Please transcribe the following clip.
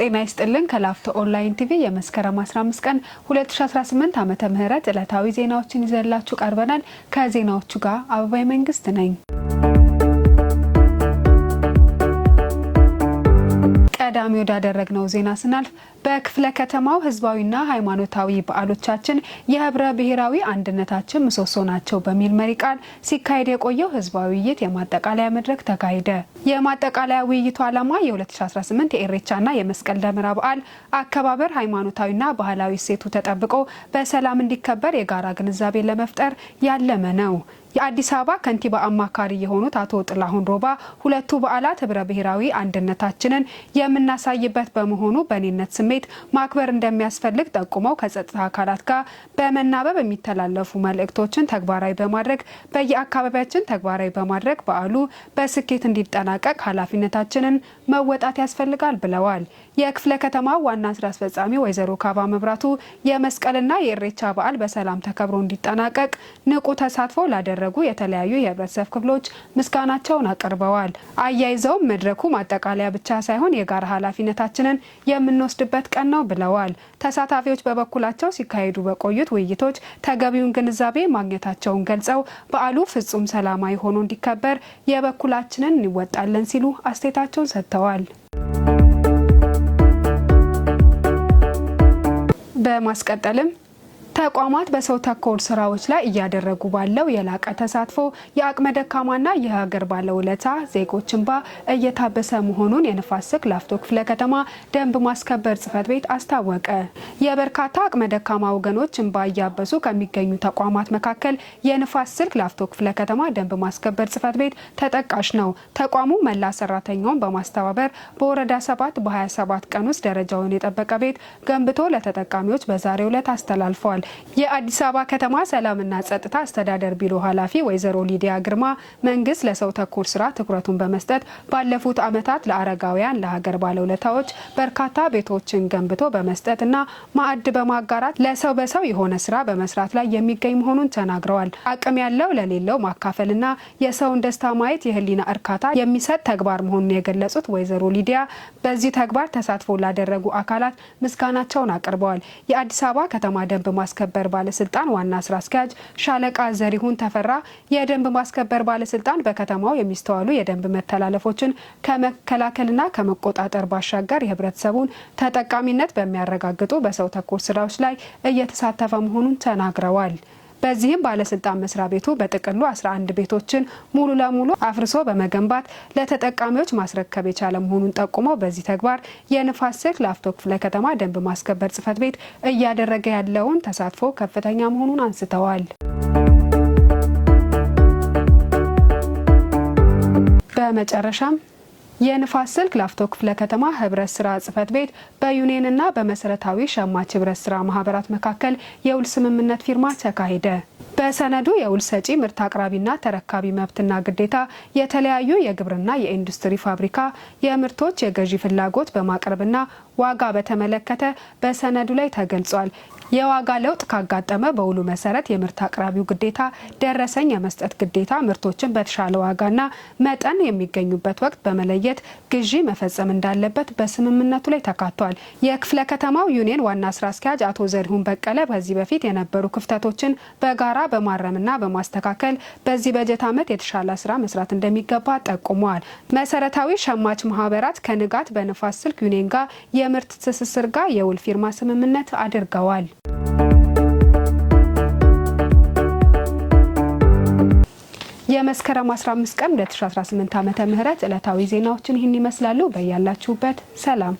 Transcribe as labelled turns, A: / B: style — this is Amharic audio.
A: ጤና ይስጥልን። ከላፍቶ ኦንላይን ቲቪ የመስከረም 15 ቀን 2018 ዓመተ ምህረት ዕለታዊ ዜናዎችን ይዘላችሁ ቀርበናል። ከዜናዎቹ ጋር አበባይ መንግስት ነኝ። ቀዳሚ ነው ዜና ስናልፍ በክፍለ ከተማው ህዝባዊና ሃይማኖታዊ በዓሎቻችን የህብረ ብሔራዊ አንድነታችን ምሰሶ ናቸው በሚል መሪ ቃል ሲካሄድ የቆየው ህዝባዊ ውይይት የማጠቃለያ መድረክ ተካሄደ። የማጠቃለያ ውይይቱ ዓላማ የ2018 የኤሬቻና የመስቀል ደመራ በዓል አከባበር ሃይማኖታዊና ባህላዊ እሴቱ ተጠብቆ በሰላም እንዲከበር የጋራ ግንዛቤ ለመፍጠር ያለመ ነው። የአዲስ አበባ ከንቲባ አማካሪ የሆኑት አቶ ጥላሁን ሮባ ሁለቱ በዓላት ህብረ ብሔራዊ አንድነታችንን የምና የምናሳይበት በመሆኑ በእኔነት ስሜት ማክበር እንደሚያስፈልግ ጠቁመው ከጸጥታ አካላት ጋር በመናበብ የሚተላለፉ መልእክቶችን ተግባራዊ በማድረግ በየአካባቢያችን ተግባራዊ በማድረግ በዓሉ በስኬት እንዲጠናቀቅ ኃላፊነታችንን መወጣት ያስፈልጋል ብለዋል። የክፍለ ከተማ ዋና ስራ አስፈጻሚ ወይዘሮ ካባ መብራቱ የመስቀልና የእሬቻ በዓል በሰላም ተከብሮ እንዲጠናቀቅ ንቁ ተሳትፎ ላደረጉ የተለያዩ የህብረተሰብ ክፍሎች ምስጋናቸውን አቅርበዋል። አያይዘውም መድረኩ ማጠቃለያ ብቻ ሳይሆን የጋራ ኃላፊነታችንን የምንወስድበት ቀን ነው ብለዋል። ተሳታፊዎች በበኩላቸው ሲካሄዱ በቆዩት ውይይቶች ተገቢውን ግንዛቤ ማግኘታቸውን ገልጸው በዓሉ ፍጹም ሰላማዊ ሆኖ እንዲከበር የበኩላችንን እንወጣለን ሲሉ አስተያየታቸውን ሰጥተዋል። በማስቀጠልም ተቋማት በሰው ተኮር ስራዎች ላይ እያደረጉ ባለው የላቀ ተሳትፎ የአቅመ ደካማና የሀገር ባለውለታ ዜጎች እንባ እየታበሰ መሆኑን የንፋስ ስልክ ላፍቶ ክፍለ ከተማ ደንብ ማስከበር ጽፈት ቤት አስታወቀ። የበርካታ አቅመ ደካማ ወገኖች እንባ እያበሱ ከሚገኙ ተቋማት መካከል የንፋስ ስልክ ላፍቶ ክፍለ ከተማ ደንብ ማስከበር ጽፈት ቤት ተጠቃሽ ነው። ተቋሙ መላ ሰራተኛውን በማስተባበር በወረዳ 7 በ27 ቀን ውስጥ ደረጃውን የጠበቀ ቤት ገንብቶ ለተጠቃሚዎች በዛሬው ዕለት አስተላልፏል። የአዲስ አበባ ከተማ ሰላምና ጸጥታ አስተዳደር ቢሮ ኃላፊ ወይዘሮ ሊዲያ ግርማ መንግስት ለሰው ተኮር ስራ ትኩረቱን በመስጠት ባለፉት ዓመታት ለአረጋውያን፣ ለሀገር ባለውለታዎች በርካታ ቤቶችን ገንብቶ በመስጠት እና ማዕድ በማጋራት ለሰው በሰው የሆነ ስራ በመስራት ላይ የሚገኝ መሆኑን ተናግረዋል። አቅም ያለው ለሌለው ማካፈልና የሰውን ደስታ ማየት የህሊና እርካታ የሚሰጥ ተግባር መሆኑን የገለጹት ወይዘሮ ሊዲያ በዚህ ተግባር ተሳትፎ ላደረጉ አካላት ምስጋናቸውን አቅርበዋል። የአዲስ አበባ ከተማ ደንብ ማስ ማስከበር ባለስልጣን ዋና ስራ አስኪያጅ ሻለቃ ዘሪሁን ተፈራ የደንብ ማስከበር ባለስልጣን በከተማው የሚስተዋሉ የደንብ መተላለፎችን ከመከላከልና ከመቆጣጠር ባሻገር የህብረተሰቡን ተጠቃሚነት በሚያረጋግጡ በሰው ተኮር ስራዎች ላይ እየተሳተፈ መሆኑን ተናግረዋል። በዚህም ባለስልጣን መስሪያ ቤቱ በጥቅሉ 11 ቤቶችን ሙሉ ለሙሉ አፍርሶ በመገንባት ለተጠቃሚዎች ማስረከብ የቻለ መሆኑን ጠቁመው በዚህ ተግባር የንፋስ ስልክ ላፍቶ ክፍለ ከተማ ደንብ ማስከበር ጽህፈት ቤት እያደረገ ያለውን ተሳትፎ ከፍተኛ መሆኑን አንስተዋል። በመጨረሻም የንፋስ ስልክ ላፍቶ ክፍለ ከተማ ህብረት ስራ ጽህፈት ቤት በዩኒየንና በመሰረታዊ ሸማች ህብረት ስራ ማህበራት መካከል የውል ስምምነት ፊርማ ተካሄደ። በሰነዱ የውል ሰጪ ምርት አቅራቢና ተረካቢ መብትና ግዴታ የተለያዩ የግብርና የኢንዱስትሪ ፋብሪካ የምርቶች የገዢ ፍላጎት በማቅረብና ዋጋ በተመለከተ በሰነዱ ላይ ተገልጿል። የዋጋ ለውጥ ካጋጠመ በውሉ መሰረት የምርት አቅራቢው ግዴታ ደረሰኝ የመስጠት ግዴታ ምርቶችን በተሻለ ዋጋና መጠን የሚገኙበት ወቅት በመለየ በመለየት ግዢ መፈጸም እንዳለበት በስምምነቱ ላይ ተካቷል። የክፍለ ከተማው ዩኒየን ዋና ስራ አስኪያጅ አቶ ዘሪሁን በቀለ ከዚህ በፊት የነበሩ ክፍተቶችን በጋራ በማረምና በማስተካከል በዚህ በጀት ዓመት የተሻለ ስራ መስራት እንደሚገባ ጠቁመዋል። መሰረታዊ ሸማች ማህበራት ከንጋት በንፋስ ስልክ ዩኒየን ጋር የምርት ትስስር ጋር የውል ፊርማ ስምምነት አድርገዋል። የመስከረም 15 ቀን 2018 ዓመተ ም ዕለታዊ ዜናዎችን ይህን ይመስላሉ። በያላችሁበት ሰላም